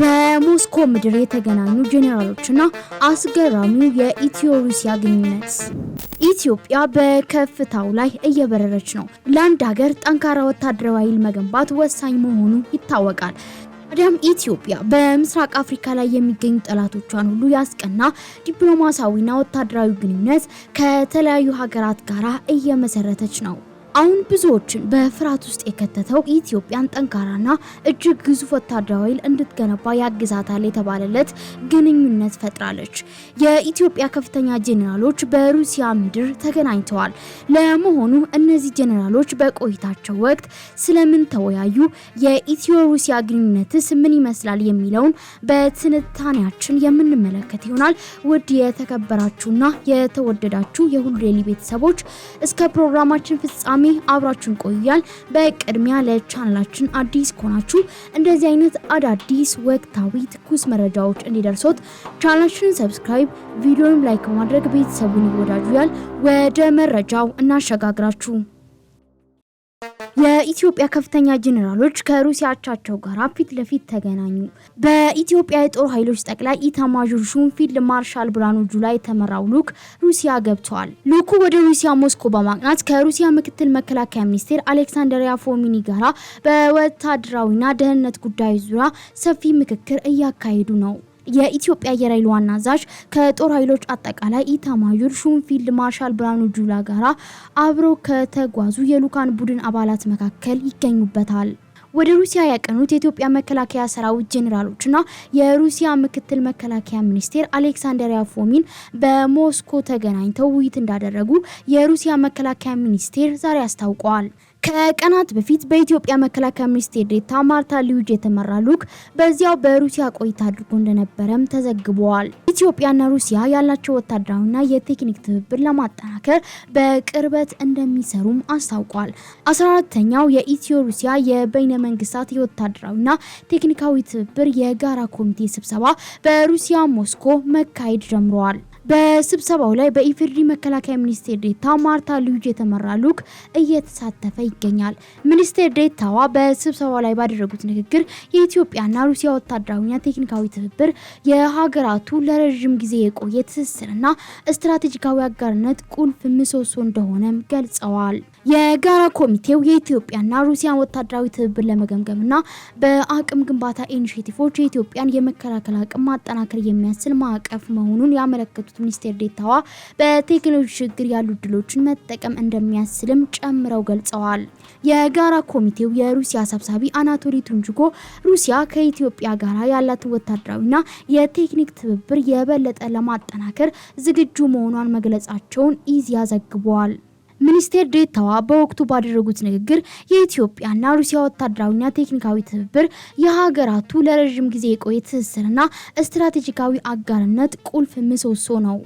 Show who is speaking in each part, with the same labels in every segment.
Speaker 1: በሞስኮ ምድር የተገናኙ ጄኔራሎችና አስገራሚው የኢትዮ ሩሲያ ግንኙነት። ኢትዮጵያ በከፍታው ላይ እየበረረች ነው። ለአንድ ሀገር ጠንካራ ወታደራዊ ኃይል መገንባት ወሳኝ መሆኑ ይታወቃል። ታዲያም ኢትዮጵያ በምስራቅ አፍሪካ ላይ የሚገኙ ጠላቶቿን ሁሉ ያስቀና ዲፕሎማሲያዊና ወታደራዊ ግንኙነት ከተለያዩ ሀገራት ጋር እየመሰረተች ነው። አሁን ብዙዎችን በፍርሃት ውስጥ የከተተው ኢትዮጵያን ጠንካራና እጅግ ግዙፍ ወታደራዊ ኃይል እንድትገነባ ያግዛታል የተባለለት ግንኙነት ፈጥራለች። የኢትዮጵያ ከፍተኛ ጄኔራሎች በሩሲያ ምድር ተገናኝተዋል። ለመሆኑ እነዚህ ጄኔራሎች በቆይታቸው ወቅት ስለምን ተወያዩ? የኢትዮ ሩሲያ ግንኙነትስ ምን ይመስላል? የሚለውን በትንታኔያችን የምንመለከት ይሆናል። ውድ የተከበራችሁና የተወደዳችሁ የሁሉ ዴይሊ ቤተሰቦች እስከ ፕሮግራማችን ፍጻሜ አብራችሁን ቆያል። በቅድሚያ ለቻናላችን አዲስ ከሆናችሁ እንደዚህ አይነት አዳዲስ ወቅታዊ ትኩስ መረጃዎች እንዲደርሶት ቻናላችንን ሰብስክራይብ፣ ቪዲዮን ላይክ በማድረግ ቤተሰቡን ይወዳጁ። ያል ወደ መረጃው እናሸጋግራችሁ። የኢትዮጵያ ከፍተኛ ጄኔራሎች ከሩሲያ አቻቸው ጋር ፊት ለፊት ተገናኙ። በኢትዮጵያ የጦር ኃይሎች ጠቅላይ ኢታማዦር ሹም ፊልድ ማርሻል ብርሃኑ ጁላ የተመራው ልዑክ ሩሲያ ገብተዋል። ልዑኩ ወደ ሩሲያ ሞስኮ በማቅናት ከሩሲያ ምክትል መከላከያ ሚኒስቴር አሌክሳንደሪያ ፎሚኒ ጋራ በወታደራዊና ደህንነት ጉዳዮች ዙሪያ ሰፊ ምክክር እያካሄዱ ነው። የኢትዮጵያ አየር ኃይል ዋና አዛዥ ከጦር ኃይሎች አጠቃላይ ኢታማዦር ሹም ፊልድ ማርሻል ብርሃኑ ጁላ ጋራ አብረው ከተጓዙ የሉካን ቡድን አባላት መካከል ይገኙበታል። ወደ ሩሲያ ያቀኑት የኢትዮጵያ መከላከያ ሰራዊት ጄኔራሎችና የሩሲያ ምክትል መከላከያ ሚኒስቴር አሌክሳንደር ያፎሚን በሞስኮ ተገናኝተው ውይይት እንዳደረጉ የሩሲያ መከላከያ ሚኒስቴር ዛሬ አስታውቀዋል። ከቀናት በፊት በኢትዮጵያ መከላከያ ሚኒስቴር ዴታ ማርታ ሊዩጅ የተመራ ልዑክ በዚያው በሩሲያ ቆይታ አድርጎ እንደነበረም ተዘግቧል። ኢትዮጵያና ሩሲያ ያላቸው ወታደራዊና የቴክኒክ ትብብር ለማጠናከር በቅርበት እንደሚሰሩም አስታውቋል። አስራ አራተኛው የኢትዮ ሩሲያ የበይነ መንግስታት የወታደራዊና ቴክኒካዊ ትብብር የጋራ ኮሚቴ ስብሰባ በሩሲያ ሞስኮ መካሄድ ጀምረዋል። በስብሰባው ላይ በኢፌዴሪ መከላከያ ሚኒስቴር ዴታ ማርታ ልዩጅ የተመራ ልዑክ እየተሳተፈ ይገኛል። ሚኒስቴር ዴታዋ በስብሰባው ላይ ባደረጉት ንግግር የኢትዮጵያና ሩሲያ ወታደራዊና ቴክኒካዊ ትብብር የሀገራቱ ለረዥም ጊዜ የቆየ ትስስርና ስትራቴጂካዊ አጋርነት ቁልፍ ምሰሶ እንደሆነም ገልጸዋል። የጋራ ኮሚቴው የኢትዮጵያና ሩሲያን ወታደራዊ ትብብር ለመገምገምና በአቅም ግንባታ ኢኒሽቲቮች የኢትዮጵያን የመከላከል አቅም ማጠናከር የሚያስችል ማዕቀፍ መሆኑን ያመለከቱት ሚኒስቴር ዴታዋ በቴክኖሎጂ ችግር ያሉ እድሎችን መጠቀም እንደሚያስችልም ጨምረው ገልጸዋል። የጋራ ኮሚቴው የሩሲያ ሰብሳቢ አናቶሊ ቱንጅጎ ሩሲያ ከኢትዮጵያ ጋር ያላትን ወታደራዊና የቴክኒክ ትብብር የበለጠ ለማጠናከር ዝግጁ መሆኗን መግለጻቸውን ኢዜአ ዘግቧል። ሚኒስቴር ዴታዋ በወቅቱ ባደረጉት ንግግር የኢትዮጵያና ሩሲያ ወታደራዊና ቴክኒካዊ ትብብር የሀገራቱ ለረዥም ጊዜ የቆየ ትስስርና ስትራቴጂካዊ አጋርነት ቁልፍ ምሰሶ ነው።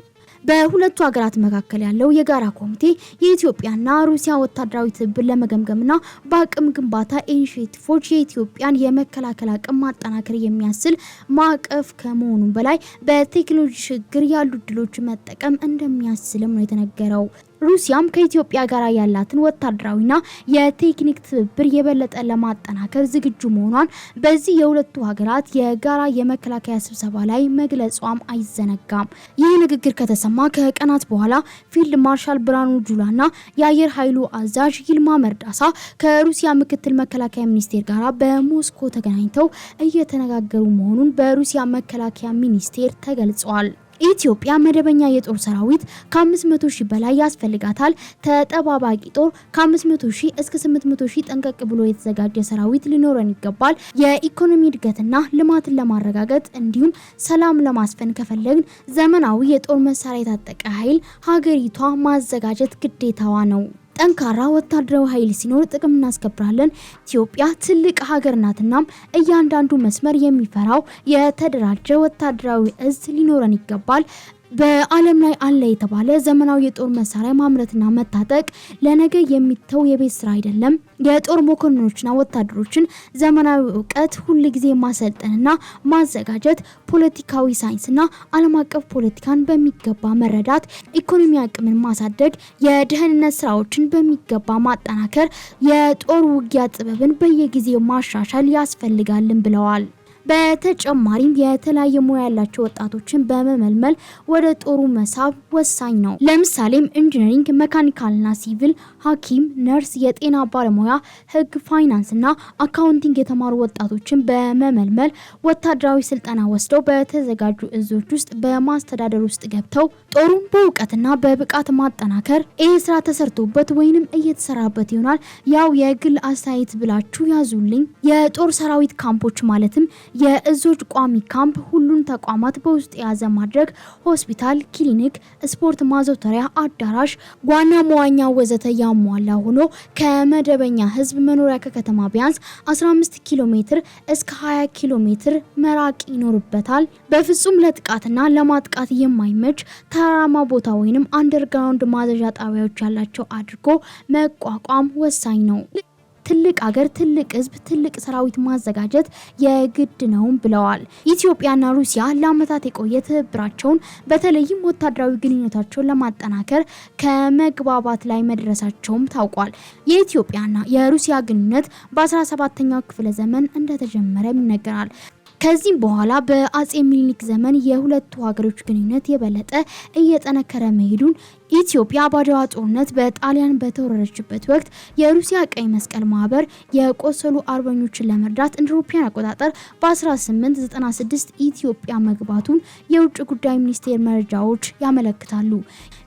Speaker 1: በሁለቱ ሀገራት መካከል ያለው የጋራ ኮሚቴ የኢትዮጵያና ሩሲያ ወታደራዊ ትብብር ለመገምገምና በአቅም ግንባታ ኢኒሽቲቮች የኢትዮጵያን የመከላከል አቅም ማጠናከር የሚያስችል ማዕቀፍ ከመሆኑ በላይ በቴክኖሎጂ ሽግግር ያሉ እድሎች መጠቀም እንደሚያስችልም ነው የተነገረው። ሩሲያም ከኢትዮጵያ ጋር ያላትን ወታደራዊና የቴክኒክ ትብብር የበለጠ ለማጠናከር ዝግጁ መሆኗን በዚህ የሁለቱ ሀገራት የጋራ የመከላከያ ስብሰባ ላይ መግለጿም አይዘነጋም። ይህ ንግግር ከተሰማ ከቀናት በኋላ ፊልድ ማርሻል ብርሃኑ ጁላና የአየር ኃይሉ አዛዥ ይልማ መርዳሳ ከሩሲያ ምክትል መከላከያ ሚኒስቴር ጋር በሞስኮ ተገናኝተው እየተነጋገሩ መሆኑን በሩሲያ መከላከያ ሚኒስቴር ተገልጿል። ኢትዮጵያ መደበኛ የጦር ሰራዊት ከ500 ሺህ በላይ ያስፈልጋታል። ተጠባባቂ ጦር ከ500 ሺህ እስከ 800 ሺህ ጠንቀቅ ብሎ የተዘጋጀ ሰራዊት ሊኖረን ይገባል። የኢኮኖሚ እድገትና ልማትን ለማረጋገጥ እንዲሁም ሰላም ለማስፈን ከፈለግን ዘመናዊ የጦር መሳሪያ የታጠቀ ኃይል ሀገሪቷ ማዘጋጀት ግዴታዋ ነው። ጠንካራ ወታደራዊ ኃይል ሲኖር ጥቅም እናስከብራለን። ኢትዮጵያ ትልቅ ሀገር ናትና እያንዳንዱ መስመር የሚፈራው የተደራጀ ወታደራዊ እዝ ሊኖረን ይገባል። በዓለም ላይ አለ የተባለ ዘመናዊ የጦር መሳሪያ ማምረትና መታጠቅ ለነገ የሚተው የቤት ስራ አይደለም። የጦር መኮንኖችና ወታደሮችን ዘመናዊ እውቀት ሁል ጊዜ ማሰልጠንና ማዘጋጀት፣ ፖለቲካዊ ሳይንስና ዓለም አቀፍ ፖለቲካን በሚገባ መረዳት፣ ኢኮኖሚ አቅምን ማሳደግ፣ የደህንነት ስራዎችን በሚገባ ማጠናከር፣ የጦር ውጊያ ጥበብን በየጊዜው ማሻሻል ያስፈልጋልን ብለዋል። በተጨማሪም የተለያየ ሙያ ያላቸው ወጣቶችን በመመልመል ወደ ጦሩ መሳብ ወሳኝ ነው። ለምሳሌም ኢንጂነሪንግ፣ መካኒካልና ሲቪል፣ ሐኪም፣ ነርስ፣ የጤና ባለሙያ፣ ህግ፣ ፋይናንስ እና አካውንቲንግ የተማሩ ወጣቶችን በመመልመል ወታደራዊ ስልጠና ወስደው በተዘጋጁ እዞች ውስጥ በማስተዳደር ውስጥ ገብተው ጦሩን በእውቀትና በብቃት ማጠናከር። ይህ ስራ ተሰርቶበት ወይንም እየተሰራበት ይሆናል። ያው የግል አስተያየት ብላችሁ ያዙልኝ። የጦር ሰራዊት ካምፖች ማለትም የእዞች ቋሚ ካምፕ ሁሉን ተቋማት በውስጥ የያዘ ማድረግ ሆስፒታል፣ ክሊኒክ፣ ስፖርት ማዘውተሪያ፣ አዳራሽ፣ ዋና መዋኛ ወዘተ ያሟላ ሆኖ ከመደበኛ ህዝብ መኖሪያ ከከተማ ቢያንስ 15 ኪሎ ሜትር እስከ 20 ኪሎ ሜትር መራቅ ይኖርበታል። በፍጹም ለጥቃትና ለማጥቃት የማይመች ተራራማ ቦታ ወይንም አንደርግራውንድ ማዘዣ ጣቢያዎች ያላቸው አድርጎ መቋቋም ወሳኝ ነው። ትልቅ አገር፣ ትልቅ ህዝብ፣ ትልቅ ሰራዊት ማዘጋጀት የግድ ነው ብለዋል። ኢትዮጵያና ሩሲያ ለአመታት የቆየ ትብብራቸውን በተለይም ወታደራዊ ግንኙነታቸውን ለማጠናከር ከመግባባት ላይ መድረሳቸውም ታውቋል። የኢትዮጵያና የሩሲያ ግንኙነት በ17ኛው ክፍለ ዘመን እንደተጀመረም ይነገራል። ከዚህም በኋላ በአጼ ሚኒሊክ ዘመን የሁለቱ ሀገሮች ግንኙነት የበለጠ እየጠነከረ መሄዱን ኢትዮጵያ በአድዋ ጦርነት በጣሊያን በተወረረችበት ወቅት የሩሲያ ቀይ መስቀል ማህበር የቆሰሉ አርበኞችን ለመርዳት እንደ አውሮፓውያን አቆጣጠር በ1896 ኢትዮጵያ መግባቱን የውጭ ጉዳይ ሚኒስቴር መረጃዎች ያመለክታሉ።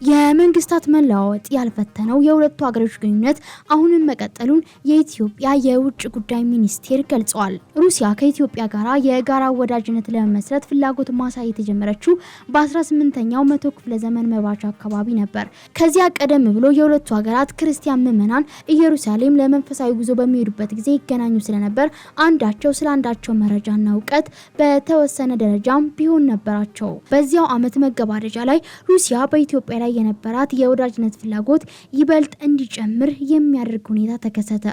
Speaker 1: የመንግስታት መለዋወጥ ያልፈተነው የሁለቱ ሀገሮች ግንኙነት አሁንም መቀጠሉን የኢትዮጵያ የውጭ ጉዳይ ሚኒስቴር ገልጸዋል። ሩሲያ ከኢትዮጵያ ጋር የጋራ ወዳጅነት ለመመስረት ፍላጎት ማሳየት የጀመረችው በ18ኛው መቶ ክፍለ ዘመን መባቻ አካባቢ ነበር። ነበር። ከዚያ ቀደም ብሎ የሁለቱ ሀገራት ክርስቲያን ምዕመናን ኢየሩሳሌም ለመንፈሳዊ ጉዞ በሚሄዱበት ጊዜ ይገናኙ ስለነበር አንዳቸው ስለ አንዳቸው መረጃና እውቀት በተወሰነ ደረጃም ቢሆን ነበራቸው። በዚያው ዓመት መገባደጃ ላይ ሩሲያ በኢትዮጵያ ላይ የነበራት የወዳጅነት ፍላጎት ይበልጥ እንዲጨምር የሚያደርግ ሁኔታ ተከሰተ።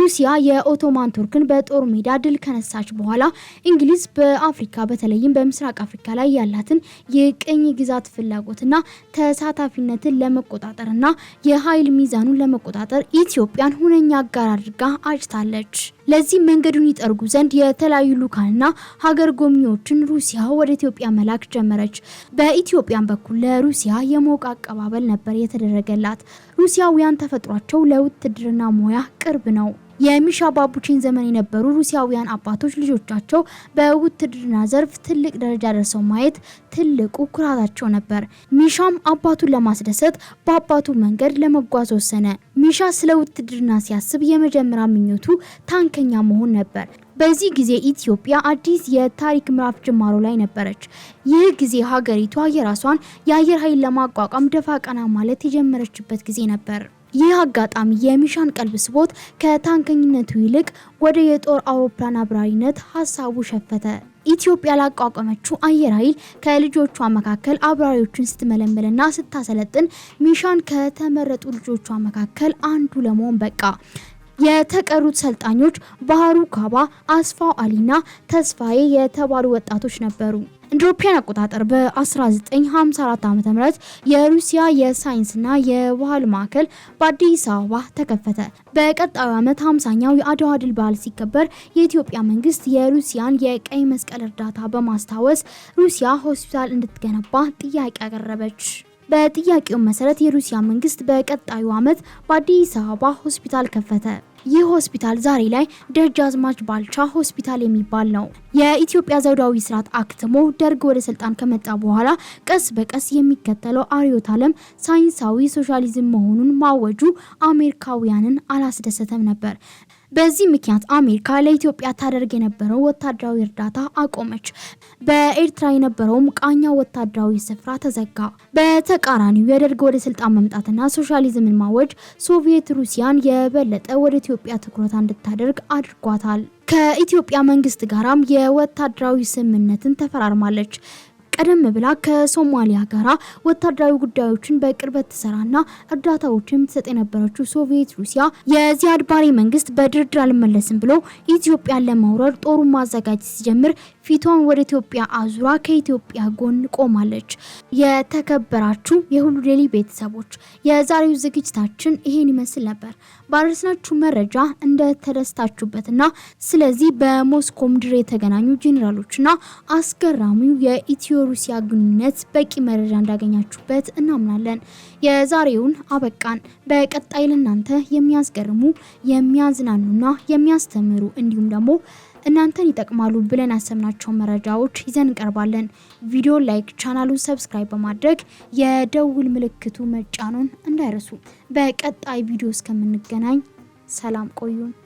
Speaker 1: ሩሲያ የኦቶማን ቱርክን በጦር ሜዳ ድል ከነሳች በኋላ እንግሊዝ በአፍሪካ በተለይም በምስራቅ አፍሪካ ላይ ያላትን የቅኝ ግዛት ፍላጎትና ተሳታፊነት ግጭትን ለመቆጣጠርና የኃይል ሚዛኑን ለመቆጣጠር ኢትዮጵያን ሁነኛ አጋር አድርጋ አጭታለች። ለዚህ መንገዱን ይጠርጉ ዘንድ የተለያዩ ልዑካንና ሀገር ጎብኚዎችን ሩሲያ ወደ ኢትዮጵያ መላክ ጀመረች። በኢትዮጵያን በኩል ለሩሲያ የሞቀ አቀባበል ነበር የተደረገላት። ሩሲያውያን ተፈጥሯቸው ለውትድርና ሙያ ቅርብ ነው። የሚሻ ባቡቺን ዘመን የነበሩ ሩሲያውያን አባቶች ልጆቻቸው በውትድርና ዘርፍ ትልቅ ደረጃ ደርሰው ማየት ትልቁ ኩራታቸው ነበር። ሚሻም አባቱን ለማስደሰት በአባቱ መንገድ ለመጓዝ ወሰነ። ሚሻ ስለ ውትድርና ሲያስብ የመጀመሪያ ምኞቱ ታንከኛ መሆን ነበር። በዚህ ጊዜ ኢትዮጵያ አዲስ የታሪክ ምዕራፍ ጅማሮ ላይ ነበረች። ይህ ጊዜ ሀገሪቷ የራሷን የአየር ኃይል ለማቋቋም ደፋ ቀና ማለት የጀመረችበት ጊዜ ነበር። ይህ አጋጣሚ የሚሻን ቀልብ ስቦት ከታንከኝነቱ ይልቅ ወደ የጦር አውሮፕላን አብራሪነት ሀሳቡ ሸፈተ። ኢትዮጵያ ላቋቋመችው አየር ኃይል ከልጆቿ መካከል አብራሪዎችን ስትመለመልና ስታሰለጥን ሚሻን ከተመረጡ ልጆቿ መካከል አንዱ ለመሆን በቃ። የተቀሩት ሰልጣኞች ባህሩ ካባ፣ አስፋው አሊና ተስፋዬ የተባሉ ወጣቶች ነበሩ። እንደ አውሮፓውያን አቆጣጠር በ1954 ዓ.ም የሩሲያ የሳይንስና የባህል ማዕከል በአዲስ አበባ ተከፈተ። በቀጣዩ ዓመት 50ኛው የአድዋ ድል በዓል ሲከበር የኢትዮጵያ መንግስት የሩሲያን የቀይ መስቀል እርዳታ በማስታወስ ሩሲያ ሆስፒታል እንድትገነባ ጥያቄ አቀረበች። በጥያቄው መሰረት የሩሲያ መንግስት በቀጣዩ ዓመት በአዲስ አበባ ሆስፒታል ከፈተ። ይህ ሆስፒታል ዛሬ ላይ ደጃዝማች ባልቻ ሆስፒታል የሚባል ነው። የኢትዮጵያ ዘውዳዊ ስርዓት አክትሞ ደርግ ወደ ስልጣን ከመጣ በኋላ ቀስ በቀስ የሚከተለው አርዮት ዓለም ሳይንሳዊ ሶሻሊዝም መሆኑን ማወጁ አሜሪካውያንን አላስደሰተም ነበር። በዚህ ምክንያት አሜሪካ ለኢትዮጵያ ታደርግ የነበረው ወታደራዊ እርዳታ አቆመች። በኤርትራ የነበረውም ቃኛ ወታደራዊ ስፍራ ተዘጋ። በተቃራኒው የደርግ ወደ ስልጣን መምጣትና ሶሻሊዝምን ማወጅ ሶቪየት ሩሲያን የበለጠ ወደ ኢትዮጵያ ትኩረት እንድታደርግ አድርጓታል። ከኢትዮጵያ መንግስት ጋራም የወታደራዊ ስምምነትን ተፈራርማለች። ቀደም ብላ ከሶማሊያ ጋር ወታደራዊ ጉዳዮችን በቅርበት ትሰራና እርዳታዎችን ትሰጥ የነበረችው ሶቪየት ሩሲያ የዚያድ ባሬ መንግስት በድርድር አልመለስም ብሎ ኢትዮጵያን ለማውረድ ጦሩን ማዘጋጀት ሲጀምር ፊቷን ወደ ኢትዮጵያ አዙራ ከኢትዮጵያ ጎን ቆማለች። የተከበራችሁ የሁሉ ዴይሊ ቤተሰቦች የዛሬው ዝግጅታችን ይሄን ይመስል ነበር። ባደረስናችሁ መረጃ እንደተደስታችሁበትና ስለዚህ በሞስኮ ምድር የተገናኙ ጄኔራሎችና አስገራሚው የኢትዮ ሩሲያ ግንኙነት በቂ መረጃ እንዳገኛችሁበት እናምናለን። የዛሬውን አበቃን። በቀጣይ ለእናንተ የሚያስገርሙ የሚያዝናኑና የሚያስተምሩ እንዲሁም ደግሞ እናንተን ይጠቅማሉ ብለን ያሰብናቸውን መረጃዎች ይዘን እንቀርባለን። ቪዲዮ ላይክ፣ ቻናሉን ሰብስክራይብ በማድረግ የደውል ምልክቱ መጫኑን እንዳይረሱ። በቀጣይ ቪዲዮ እስከምንገናኝ ሰላም ቆዩን።